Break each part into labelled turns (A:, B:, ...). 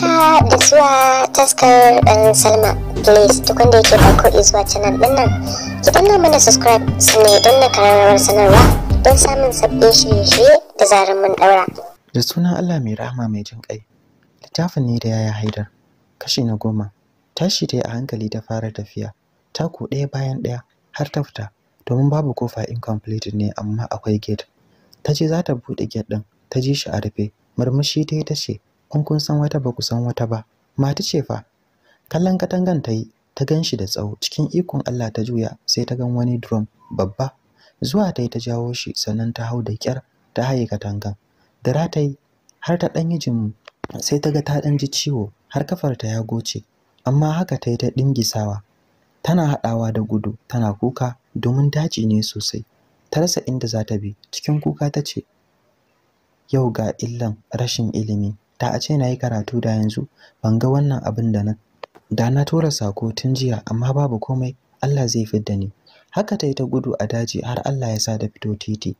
A: haka ah, da zuwa taskar ɗan um, salma please duk wanda yake farko izuwa canal ɗin nan ki danna mana subscribe ne don na kararrawar sanarwa don samun sabbin shirye-shirye da zarar mun ɗaura da sunan allah mai rahama mai jin ƙai littafin ne da yaya haidar kashi na goma tashi dai a hankali ta fara tafiya taku ɗaya bayan ɗaya har ta fita domin babu kofa incomplete ne amma akwai gate ta ce za ta buɗe gate ɗin ta ji shi a rufe murmushi dai ta ce in kun san wata ba ku san wata ba mata ce fa kallon katangan ta yi ta gan shi da tsawo cikin ikon Allah ta juya sai ta gan wani drum babba zuwa ta yi ta jawo shi sannan ta hau da kyar ta haye katangan da ta yi har ta ɗan yi jin sai ta ga ta ɗan ji ciwo har kafar ta ya goce amma haka ta yi ta ɗingisawa tana haɗawa da gudu tana kuka domin daji ne sosai ta rasa inda za ta bi cikin kuka ta ce yau ga illan rashin ilimi da a ce na yi karatu da yanzu ban ga wannan abin da na da na tura sako tun jiya amma babu komai Allah zai da ni haka ta yi ta gudu a daji har Allah ya sa da fito titi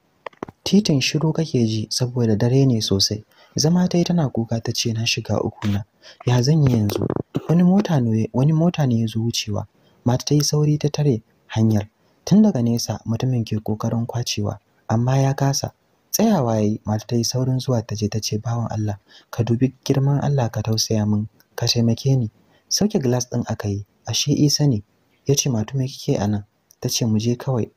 A: titin shiru kake ji saboda dare ne sosai zama ta yi tana kuka ta ce na shiga uku na ya zan yi yanzu wani mota ne wani mota ne ya zo wucewa mata ta yi sauri ta tare hanyar tun daga nesa mutumin ke kokarin kwacewa amma ya kasa tsayawa yayi mata ta yi saurin zuwa ta je ta ce bawan Allah ka dubi girman Allah ka tausaya min ka taimake ni sauke glass ɗin aka yi ashe Isa ne ya ce matu me kike a nan ta ce mu je kawai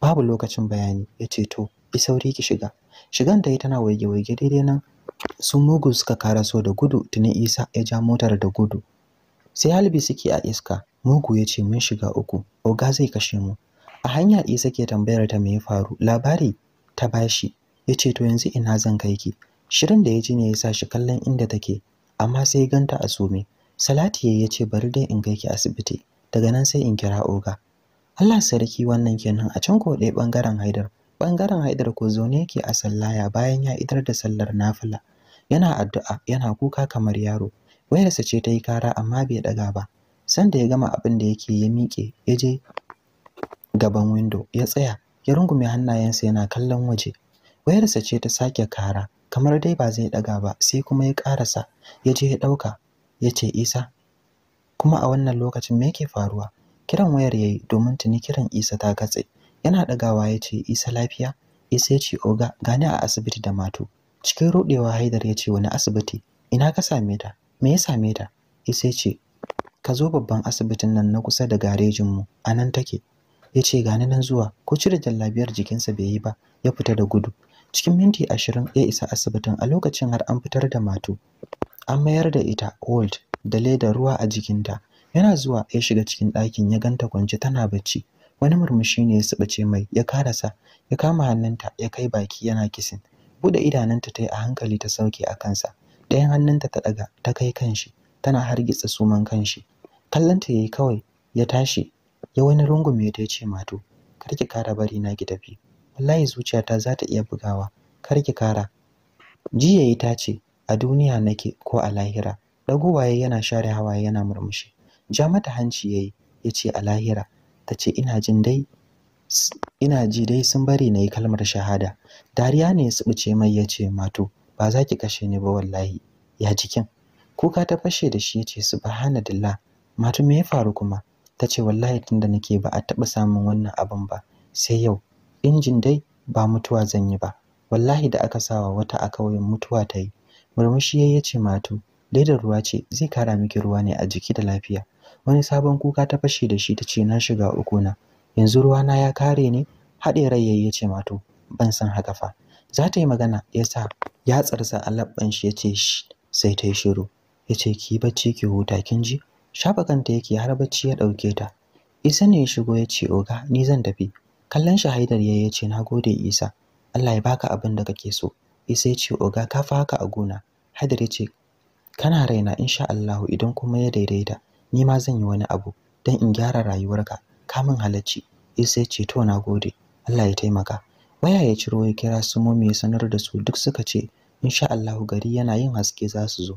A: babu lokacin bayani ya ce to bi sauri ki shiga shigan da yi tana waige-waige daidai nan sun mugu suka karaso da gudu tuni Isa ya ja motar da gudu sai halbi suke a iska mugu ya ce mun shiga uku oga zai kashe mu a hanya isa ke tambayar ta me ya faru labari ta bashi ya ce to yanzu ina zan kai ki shirin da ya ji ne ya sa shi kallon inda take amma sai ganta a sume salati ya ce bari dai in kai ki asibiti daga nan sai in kira oga Allah sarki wannan kenan a can ko dai ɓangaren haidar bangaren haidar ko zaune yake a sallaya bayan ya idar da sallar nafila yana addu'a yana kuka kamar yaro wayarsa ce ta yi kara amma bai ɗaga ba sanda ya gama abin da yake ya miƙe ya je gaban windo ya tsaya ya rungume hannayensa yana kallon waje wayarsa ce ta sake kara kamar dai ba zai daga ba sai kuma ya karasa ya je ya dauka ya ce isa kuma a wannan lokacin me yake faruwa kiran wayar yayi domin tuni kiran isa ta katse yana dagawa ya ce isa lafiya isa ya ce oga gani a asibiti da mato cikin rudewa haidar ya ce wani asibiti ina ka same ta me ya same ta isa ya ce ka zo babban asibitin nan na kusa da mu. a nan take ya ce gani nan zuwa ko cire jallabiyar jikinsa bai yi ba ya fita da gudu cikin minti ashirin ya isa asibitin a lokacin har an fitar da matu. an mayar da ita old da leda ruwa a jikinta yana zuwa ya shiga cikin ɗakin ya ganta kwance tana bacci wani murmushi ne ya subace mai ya karasa ya kama hannunta ya kai baki yana kisin bude idanunta ta yi a hankali ta sauke a kansa ɗayan hannunta ta ɗaga ta kai kanshi tana hargitsa suman kanshi kallonta yi kawai ya tashi ya wani rungume ta ya ce mato kar ki kara bari na ki tafi wallahi zuciyata za ta iya bugawa kar ki kara jiya yi ta ce a duniya nake ko a lahira waye yana share hawaye yana murmushi ja mata hanci yayi ya ce a lahira ta ce ina jin dai ina ji dai sun bari na yi kalmar shahada dariya ne ya subuce mai ya ce mato ba za ki kashe ni ba wallahi ya jikin kuka ta fashe da shi ya ce subhanallah mato me ya faru kuma ta ce wallahi tunda nake ba a taɓa samun wannan abin ba sai yau injin dai ba mutuwa zan yi ba wallahi da aka sawa wata a kauyen mutuwa ta yi murmushi ya ce matu ledar ruwa ce zai kara miki ruwa ne a jiki da lafiya wani sabon kuka ta fashe da shi ta ce na shiga uku na yanzu ruwana ya kare ne haɗe rai yayi ya ce matu ban san haka fa za ta yi magana ya sa ya tsarsa a labban shi ya ce sai ta yi shiru ya ce ki bacci ki huta kin ji shafa kanta yake har bacci ya ɗauke ta isa ne ya shigo ya ce oga ni zan tafi kallon shi haidar ya ce na gode isa allah ya baka abin da kake so isa ya ce oga ka fa haka a gona haidar ya ce kana raina insha allahu idan kuma ya daidaita ni ma zan yi wani abu dan in gyara rayuwarka ka min halacci isa ya ce to na gode allah ya taimaka waya ya ciro ya kira su mu ya sanar da su duk suka ce insha allahu gari yana yin haske za su zo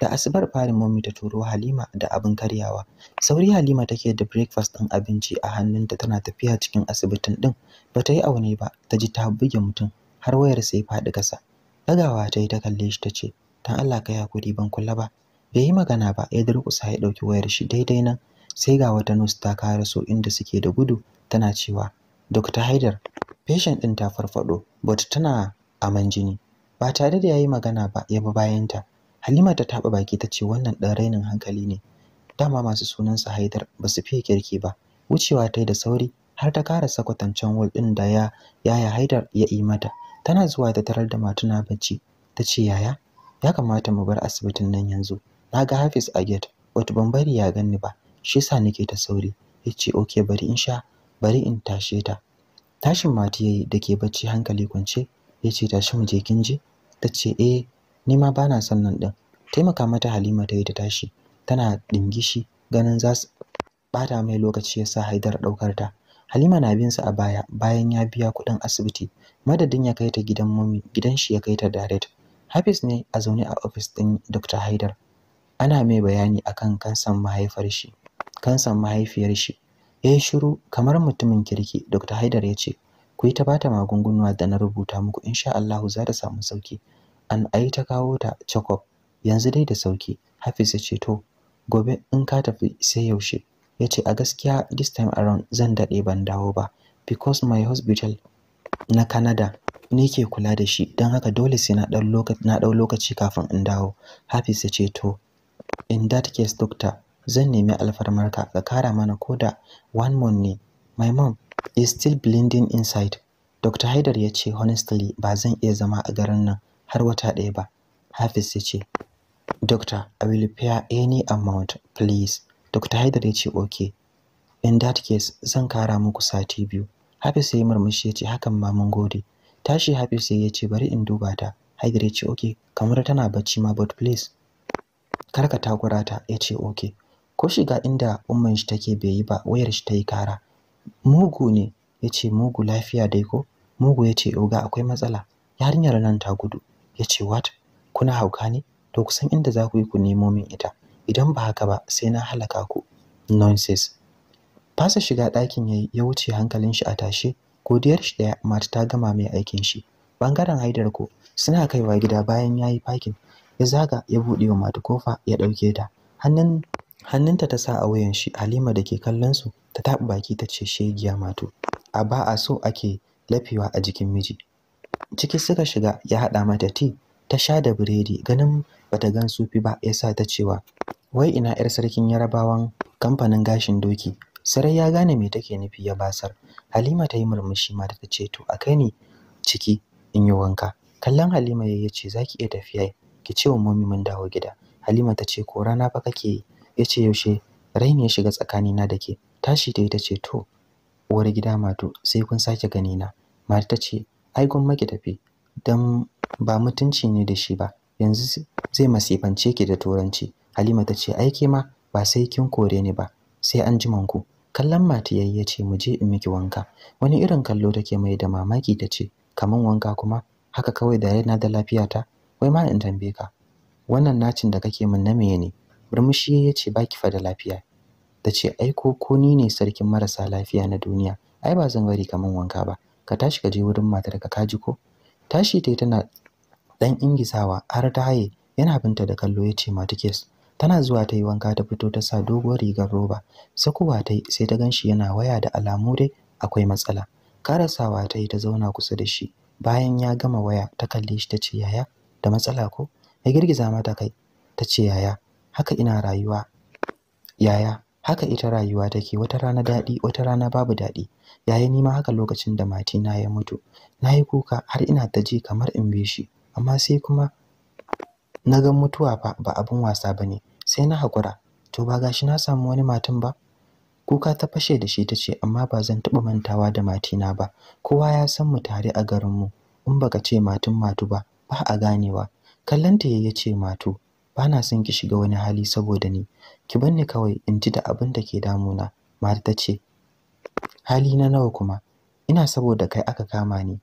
A: da asubar farin mummy ta turo halima da abin karyawa sauri halima take da breakfast ɗin abinci a hannunta tana tafiya cikin asibitin ɗin Ba ta yi aune ba ta ji ta buge mutum har wayar sai faɗi ƙasa ɗagawa ta yi ta kalle shi ta ce don Allah ka ya hakuri ban kula ba bai yi magana ba ya durƙusa ya ɗauki wayar shi daidai nan sai ga wata nurse ta kare su inda suke da gudu tana cewa Dr. Haidar patient ɗin ta farfaɗo, but tana aman jini ba tare da ya yi magana ba ya bi bayanta Halima ta taɓa baki ta ce wannan ɗan rainin hankali ne. Dama masu sunansa Haidar ba su fiye kirki ba. Wucewa ta yi da sauri har ta karasa kwatancen wal ɗin da ya yaya Haidar ya yi mata. Tana zuwa ta tarar da matuna bacci. Ta ce yaya, ya kamata mu bar asibitin nan yanzu. Na ga Hafiz a gate, wato ban bari ya ganni ba. Shi sa nake ta sauri. Ya ce okay bari in sha, bari in tashe ta. Tashin mati yayi da ke bacci hankali kwance, ya ce tashi mu je kin je? Ta ce eh ni ma bana son nan din taimaka mata Halima ta yi ta tashi tana dingishi ganin za su bata mai lokaci ya sa Haidar daukar ta Halima na bin sa a baya bayan ya biya kuɗin asibiti madadin ya kai ta gidan mummy gidan shi ya kai ta direct Hafiz ne a zaune a ofis ɗin Dr. Haidar ana mai bayani akan kansan mahaifar shi kansan mahaifiyar shi shiru kamar mutumin kirki Dr. Haidar ya ce ku yi ta bata magunguna da na rubuta muku insha Allah za ta samu sauki an ai ta kawo ta check yanzu dai da sauki hafiz ya ce to gobe in ka tafi sai yaushe ya ce a gaskiya this time around zan daɗe ban dawo ba because my hospital na canada ni ke kula da shi don haka dole sai na ɗau lokaci kafin in dawo hafiz ya ce to in that case doctor zan nemi alfarmarka ka kara mana da one month ne my mom is still bleeding inside dr haidar ya ce honestly ba zan iya zama a garin nan har wata ɗaya ba hafiz ya ce doctor i will pay any amount please dr haidar ya ce ok in that case zan kara muku sati biyu hafiz ya yi murmushi ya ce hakan ma mun gode tashi hafiz ya ce bari in duba ta haidar ya ce ok kamar tana bacci ma but please karka takura ta ya ce ok ko shiga inda umman shi take bai yi ba wayar shi ta yi kara mugu ne ya ce mugu lafiya dai ko mugu ya ce oga akwai matsala yarinyar nan ta gudu ya ce what kuna hauka ne to kusan inda za ku yi ku nemo min ita idan ba haka ba sai na halaka ku nonsense fasa shiga ɗakin ya ya wuce hankalin shi a tashe godiyar shi ɗaya mata ta gama mai aikin shi bangaren haidar ko suna kaiwa gida bayan ya yi fakin ya zaga ya buɗe wa mata kofa ya ɗauke ta hannunta ta sa a wuyan shi halima da ke kallon su ta taɓa baki ta ce shegiya mato a ba a so ake lafewa a jikin miji ciki suka shiga ya haɗa mata ti ta sha da biredi ganin bata gan sufi ba yasa ta cewa wai ina yar sarkin yarabawan kamfanin gashin doki sarai ya gane me take nufi ya basar halima ta yi murmushi mata ta ce to akai ne ciki in yi wanka kallon halima ya ce za ki iya tafiya ki ce wa momi mun dawo gida halima ta ce ko rana fa kake yace ya ce yaushe raini ya shiga tsakanina da ke tashi ta yi ta ce to uwar gida mato sai kun sake gani na mata ta ce ai gwamma ki tafi dan ba mutunci ne da shi ba yanzu zai masifance ki da turanci halima ta ce ai ma ba sai kin kore ni ba sai an jiman ku kallon matiyayya ya ce mu je in miki wanka wani irin kallo take mai da mamaki ta ce kaman wanka kuma haka kawai da na da lafiyata wai ma in tambaye ka wannan nacin da kake min na ne murmushi ya ce baki fa da lafiya ta ce aiko ko ni ne sarkin marasa lafiya na duniya ai ba zan bari kaman wanka ba ka tashi ka je wurin matar ka kaji ko tashi tai tana dan ingisawa har ta haye yana binta da kallo ya ce mata kes tana zuwa ta yi wanka ta fito ta sa doguwar rigar roba sakuwa ta yi sai ta ganshi yana waya da alamu dai akwai matsala karasawa ta yi ta zauna kusa da shi bayan ya gama waya ta kalle shi ta ce yaya da matsala ko ya girgiza mata kai ta ce yaya haka ina rayuwa yaya haka ita rayuwa take wata rana daɗi wata rana babu daɗi yayi ni ma haka lokacin da matina ya mutu Na yi kuka har ina ta ji kamar in bi shi amma sai kuma na ga mutuwa fa ba abin wasa ne. sai na hakura to ba gashi na samu wani matan ba kuka ta fashe da shi ta ce, amma ba zan taɓa mantawa da matina ba kowa ya san mu tare a garin mu in baka ce matun matu ba ba a ganewa kallanta yayi ya ce matu bana son ki shiga wani hali saboda ni ki bar kawai in ji da abin da ke damuna mari ta ce hali na nawa kuma ina saboda kai aka kama ni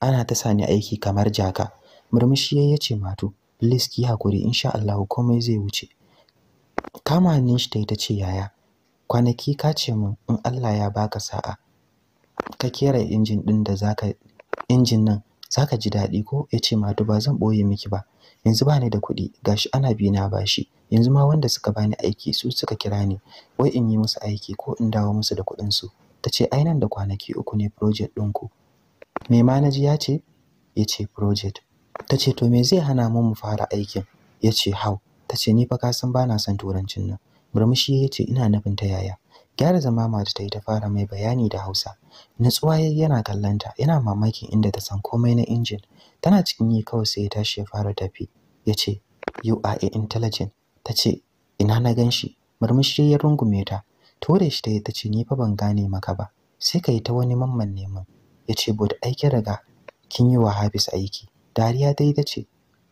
A: ana ta sani aiki kamar jaka murmushi ya ce matu please ki hakuri insha Allah komai zai wuce kama ni shi ta ce yaya kwanaki ka ce min in Allah ya baka sa'a ka kera injin din da zaka injin nan zaka ji daɗi ko yace ce matu ba zan ɓoye miki ba yanzu ba ni da kuɗi gashi ana bi na bashi yanzu ma wanda suka bani aiki su suka kira ni wai in yi musu aiki ko in dawo musu da kuɗin su tace ai nan da kwanaki uku ne project ku. me manaji ya ce yace project tace to me zai hana mu mu fara aikin Ya yace how tace ni fa ka san bana son turancin nan murmushi ce ina nufin ta yaya gyara zama mata ta yi ta fara mai bayani da hausa natsuwa yana kallonta, yana mamakin inda ta san komai na injin tana cikin yi kawai sai ya tashi ya fara tafi ya ce you a intelligent ta ce ina na gan shi murmushi ya rungume ta tore shi ta yi ta ce ni fa ban gane maka ba sai ka yi ta wani mamman neman ya ce bod aiki daga kin yi wa habis aiki dariya dai ta ce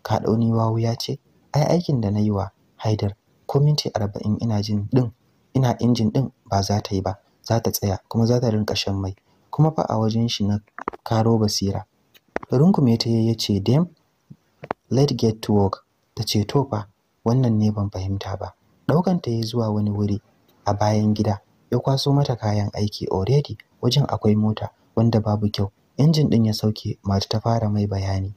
A: ka ni wawu ya ce ai aikin da na yi wa haidar ko minti arba'in ina jin ɗin ina injin din ba za ta yi ba za ta tsaya kuma za ta rinka shan mai kuma fa a wajen shi na karo basira rungume ta ya ce dem let get to work ta ce to fa wannan ne ban fahimta ba daukan ta yi zuwa wani wuri a bayan gida ya kwaso mata kayan aiki already wajen akwai mota wanda babu kyau injin din ya sauke mata ta fara mai bayani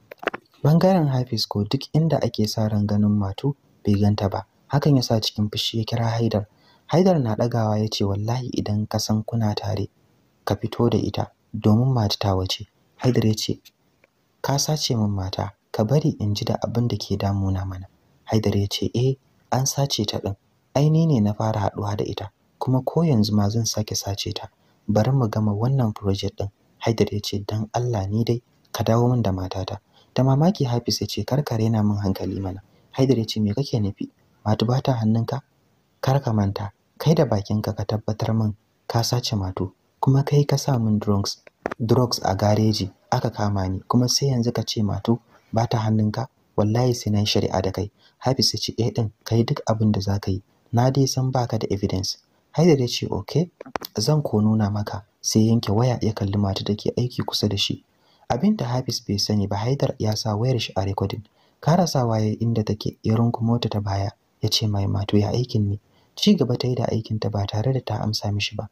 A: bangaren hafiz ko duk inda ake sa ran ganin matu bai ganta ba hakan yasa cikin fushi ya kira haidar Haidar na ɗagawa ya ce wallahi idan ka san kuna tare ka fito da ita domin mata wace. Haidar ya ce ka sace min mata ka bari in ji da abin da ke damuna mana. Haidar ya ce eh an sace ta din. Aini ne na fara haɗuwa da ita kuma ko yanzu ma zan sake sace ta. Bari mu gama wannan project ɗin. Haidar ya ce dan Allah ni dai ka dawo min da matata. Da mamaki Hafiz ya ce ka na min hankali mana. Haidar ya ce me kake nufi? Matu bata ta hannunka? Kar ka manta kai da bakinka ka tabbatar min ka sace mato kuma kai ka sa min drugs drugs a gareji aka kama ni kuma sai yanzu ka ce mato ba ta hannunka wallahi sai na shari'a da kai hafiz ce eh din kai duk abin da zaka yi na dai san baka da evidence haidar ya ce okay zan ko nuna maka sai yanke waya ya kalli mata da ke aiki kusa da shi abin da hafiz bai sani ba haidar ya sa wayar shi a recording Karasa waye inda take ya rungu mota ta baya ya ce mai mato ya aikin ne ci gaba ta yi da aikinta ba tare da ta amsa mishi ba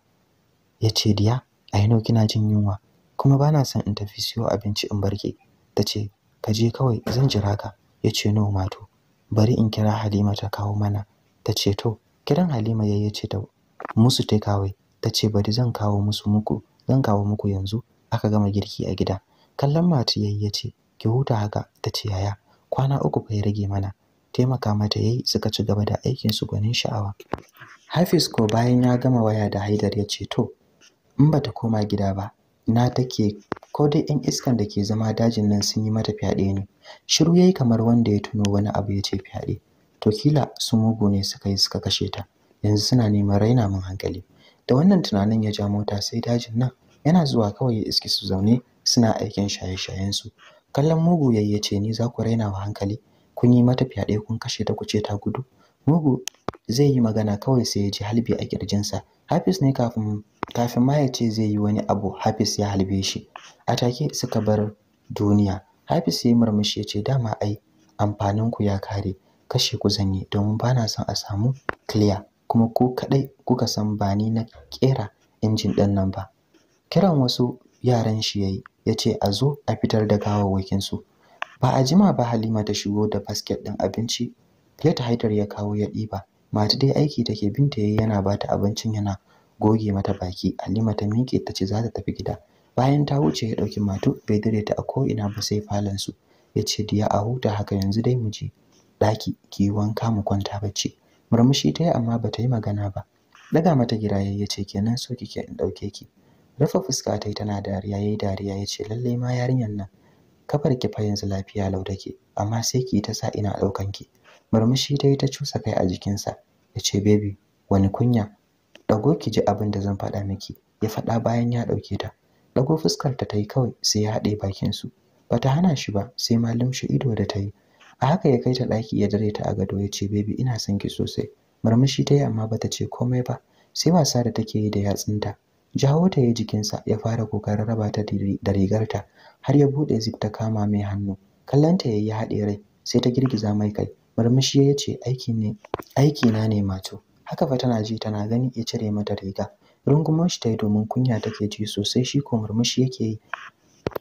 A: ya ce diya a nau kina jin yunwa kuma bana son in tafi siyo abinci in barke ta ce ka je kawai zan jira ka ya ce no mato bari in kira halima ta kawo mana ta ce to kiran halima ya ya ce ta musu ta kawai ta ce bari zan kawo musu muku zan kawo muku yanzu aka gama girki a gida kallon mata ya yi ya ce ki huta haka ta ce yaya kwana uku fa ya rage mana taimaka mata yayi suka ci gaba da aikin su gwanin sha'awa Hafiz ko bayan ya gama waya da Haidar ya ce to in bata koma gida ba na take ko dai 'yan iskan da ke zama dajin nan sun yi mata fyaɗe ne shiru yayi kamar wanda ya tuno wani abu ya ce fyaɗe to kila su mugu ne suka yi suka kashe ta yanzu suna neman raina min hankali da wannan tunanin ya ja mota sai dajin nan yana zuwa kawai ya iske su zaune suna aikin shaye-shayen su kallon mugu ya ce ni za ku raina wa hankali kun yi mata fyaɗe kun kashe ta kuce ta gudu mugu zai yi magana kawai sai ya ji halbi a kirjinsa Hafis ne kafin kafin ma ya ce zai yi wani abu Hafis ya halbe shi a take suka bar duniya Hafis ya yi murmushi ya ce dama ai ku ya kare kashe ku zanyi domin bana son a samu clear kuma ku kaɗai kuka san ba ni na kera injin ɗin nan ba kiran wasu yaran shi ya yi ya ce a zo a fitar da su ba a jima ba halima ta shigo da basket ɗin abinci ta haidar ya kawo ya ɗiba mata dai aiki take binta yayi yana bata abincin yana goge mata baki halima ta miƙe ta ce za ta tafi gida bayan ta wuce ya ɗauki matu bai dare ta a ko ina ba sai falon su ya ce diya a huta haka yanzu dai mu je ɗaki ki wanka mu kwanta bacci murmushi tayi amma ba ta yi magana ba daga mata giraye ya ce kenan so kike in ɗauke ki rufe fuska ta tana dariya yayi dariya ya ce lallai ma yarinyar nan kafar ki fa yanzu lafiya lau take amma sai ki ta sa ina daukan ki murmushi dai ta cusa kai a jikinsa yace baby wani kunya dago ki ji abin da zan faɗa miki ya faɗa bayan ya dauke ta dago fuskar ta yi kawai sai ya hade bakin su bata hana shi ba sai malam shi ido da tayi a haka ya kai ta daki ya dare ta a gado yace baby ina son ki sosai murmushi yi amma bata ce komai ba sai wasa da take yi da yatsunta jawo ta ya jikinsa ya fara kokarin raba ta da rigarta har ya bude zip ta kama mai hannu kallanta yayi haɗe rai sai ta girgiza mai kai murmushi ya ce aiki ne aiki na ne mato haka fa tana ji tana gani ya cire mata riga rungumar shi ta yi domin kunya take ji sosai shi ko murmushi yake yi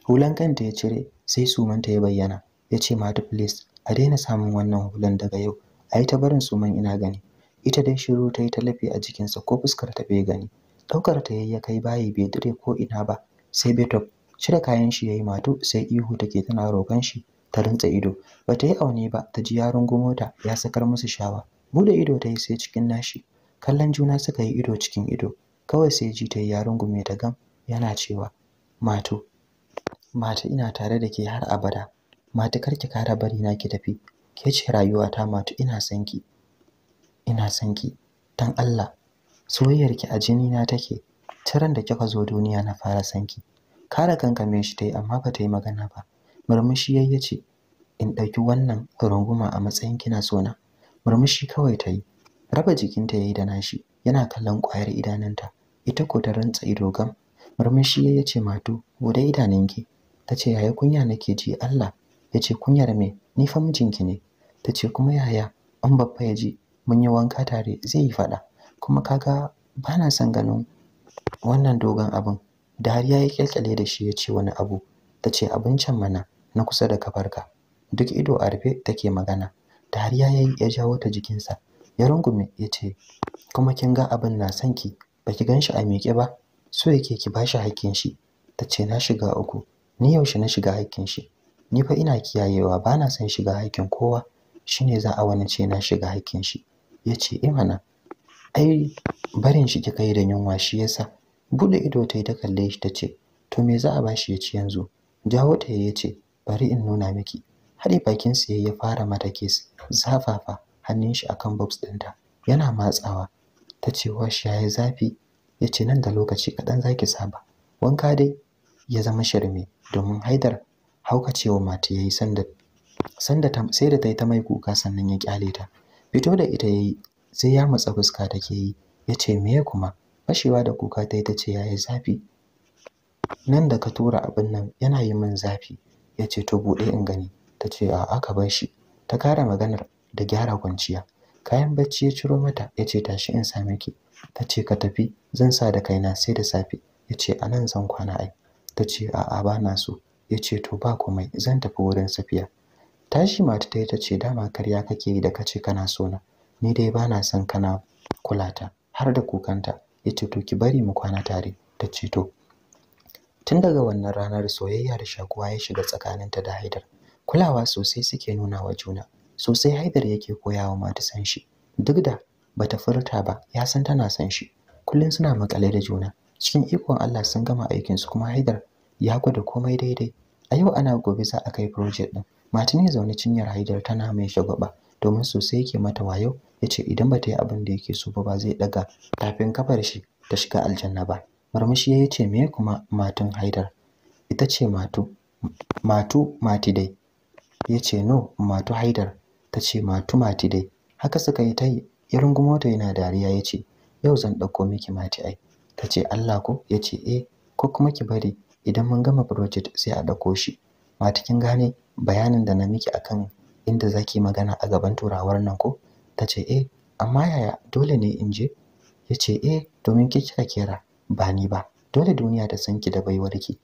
A: hulan kanta ya cire sai sumanta ya bayyana ya ce mata please a daina samun wannan hulan daga yau a yi ta barin suman ina gani ita dai shiru ta yi talafi a jikinsa ko fuskar ta bai gani daukar ta yayya kai bayi bai dire ko ina ba sai betop cire kayan shi yayi mato sai ihu take tana roƙon shi ta rintsa ido bata yi aune ba ta ji yaron gumota ya sakar musu shawa bude ido ta yi sai cikin nashi kallon juna suka yi ido cikin ido kawai sai ji ta yi yaron gume ta gam yana cewa mato mata ina tare da ke har abada mata ki kara bari na ki tafi ke ce rayuwata matu ina sanki ina sanki ki dan Allah soyayyarki a jini na take tiran da kika zo duniya na fara sanki kare kankame shi yi, amma ba ta yi magana ba murmushi yayye ce in ɗauki wannan runguma a matsayin kina sona murmushi kawai ta yi raba jikinta yayi da nashi yana kallon ƙwayar idanunta ita ko ta rantsa ido gam murmushi yayye ce mato bude idanunki tace yaya kunya nake ji Allah yace kunyar me ni fa mijinki ne tace kuma yaya an babba ya ji mun yi wanka tare zai yi faɗa. kuma kaga ba na son ganin wannan dogon abin Da dariya ya kyalkyale da shi ya ce wani abu ta ce abincin mana na kusa da kafarka duk ido a rufe take magana dariya ya yi ya jawo ta jikinsa ya rungume ya ce kuma kin ga abin na son ki ba ki gan shi a miƙe ba so yake ki ba shi hakkin shi ta ce na shiga uku ni yaushe na shiga hakkin shi ni fa ina kiyayewa ba na son shiga hakkin kowa shine za a wani ce na shiga hakkin shi ya ce imana eh ai barin shi kika yi da yunwa shi yasa bude ido ta yi ta kalle shi ta ce to me za a bashi ya ci yanzu jawo ta ya ce bari in nuna miki haɗe bakin sa ya fara mata kes zafafa hannun shi akan box dinta yana matsawa ta ce washi yayi zafi ya ce nan da lokaci kaɗan zaki saba wanka dai ya zama shirme domin haidar haukacewa mata yayi sanda sanda sai da ta yi ta mai kuka sannan ya kyale ta fito da ita yayi sai ya matsa fuska take yi ya ce meye kuma fashewa da kuka ta yi ta ce ya yi zafi nan da ka tura abin nan yana yi min zafi ya ce to buɗe in gani ta ce a aka bar shi ta kara maganar da gyara kwanciya kayan bacci ya ciro mata ya ce tashi in same ki ta ce ka tafi zan sa da kaina sai da safe ya ce a nan zan kwana ai ta ce a'a ba na so ya ce to ba komai zan tafi wurin safiya tashi mata ta yi ta ce dama karya kake yi da kace kana so na ni dai ba na son kana kula ta har da kukanta ya ce to ki bari mu kwana tare ta ce to tun daga wannan ranar soyayya da shakuwa ya shiga tsakaninta da Haidar kulawa sosai suke nuna wa juna sosai Haidar yake koyawa mata san shi duk da bata furta ba ya san tana san shi kullum suna makale da juna cikin ikon Allah sun gama aikin su kuma Haidar ya gwada komai daidai a yau ana gobe za a kai project din ne zaune cinyar Haidar tana mai shagwaba domin sosai yake mata wayo ya ce idan ba ta yi abin da yake so ba ba zai daga tafin kafar shi ta shiga aljanna ba Marmashi ya ce me kuma matun haidar ita ce matu matu mati dai ya ce no matu haidar ta ce matu mati dai haka suka yi ta yi ya rungumo yana dariya ya ce yau zan ɗauko miki mati ai ta ce allah ko ya ce eh ko kuma ki bari idan mun gama project sai a ɗauko shi mati kin gane bayanin da na miki akan inda zaki magana a gaban turawar nan ko ta ce eh amma yaya dole ne in je ya ce eh domin ki kika kera ba ni ba dole duniya ta san ki da ki.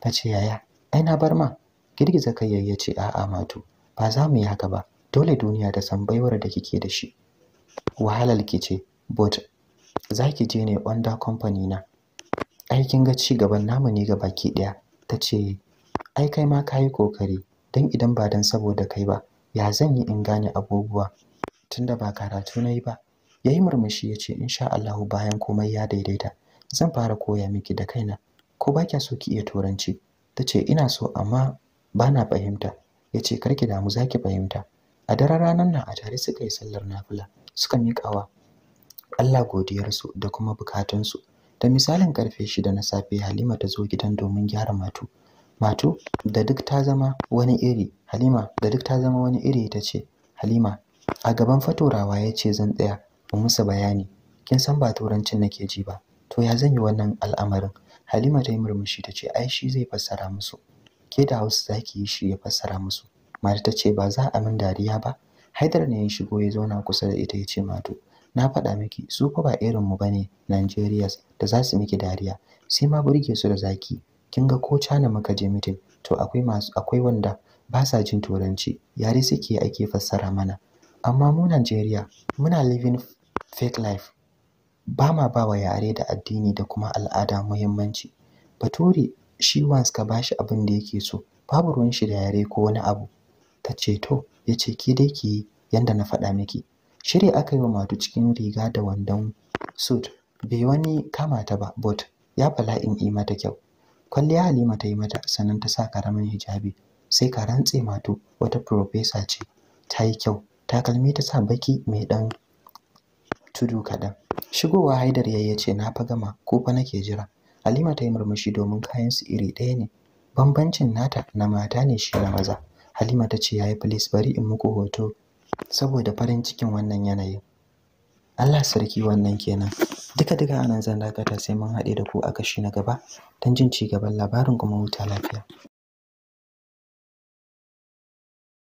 A: ta ce yaya ai na bar ma girgiza kai ya ce a'a mato ba za mu yi haka ba dole duniya ta san baiwar da kike da shi wahalar ki ce but zaki je ne onda company na ai kin ga ci gaban namu ne ga baki daya ta ce ai kai ma kayi kokari dan idan ba dan saboda kai ba ya zan yi in gane abubuwa tunda ba karatu na yi ba yayi murmushi ya ce insha Allahu bayan komai ya daidaita zan fara koya miki da kaina ko ba kya so ki iya turanci tace ina so amma bana fahimta Yace, kar karki damu za ki fahimta a daren ranar nan a tare suka yi sallar nafila suka miƙawa Allah godiyarsu da kuma bukatunsu da misalin karfe shida na safe Halima ta zo gidan domin gyara matu Mato da duk ta zama wani iri Halima da duk ta zama wani iri ta ce Halima a gaban fatorawa ya ce zan tsaya mu musu bayani kin san ba turancin nake ji ba to ya zan yi wannan al'amarin Halima ta yi murmushi ta ce ai shi zai fassara musu ke da Hausa za ki yi shi ya fassara musu Mata ta ce ba za a min dariya ba Haidar ne ya shigo ya zauna kusa da ita ya ce Mato na faɗa miki su fa ba irinmu ba ne Nigerians da za su miki dariya sai ma burge su da zaki kin ga ko cana muka je mitin to akwai masu akwai wanda ba sa jin turanci yare suke ake fassara mana amma mu Najeriya muna living fake life ba ma ba wa yare da addini da kuma al'ada muhimmanci bature shi wants ka bashi abin da yake so babu ruwan shi da yare ko wani abu ta ce to ya ce ki dai ki yi yanda na faɗa miki shirya aka yi wa matu cikin riga da wandon suit bai wani kama ta ba but ya in yi mata kyau kwalliya halima ta yi mata sannan ta sa karamin hijabi sai ka rantse mato wata profesa ce ta yi kyau takalmi ta sa baki mai dan tudu kaɗan shigowa haidar yayya ce na fa gama ko fa nake jira halima ta yi murmushi domin kayan su iri ɗaya ne bambancin nata na mata ne shi na maza halima ta ce yayi please bari in muku hoto saboda farin cikin wannan yanayin Allah sarki wannan kenan duka duka ana zan dakata sai mun haɗe da ku a kashi na gaba don jin ci gaban labarin kuma huta lafiya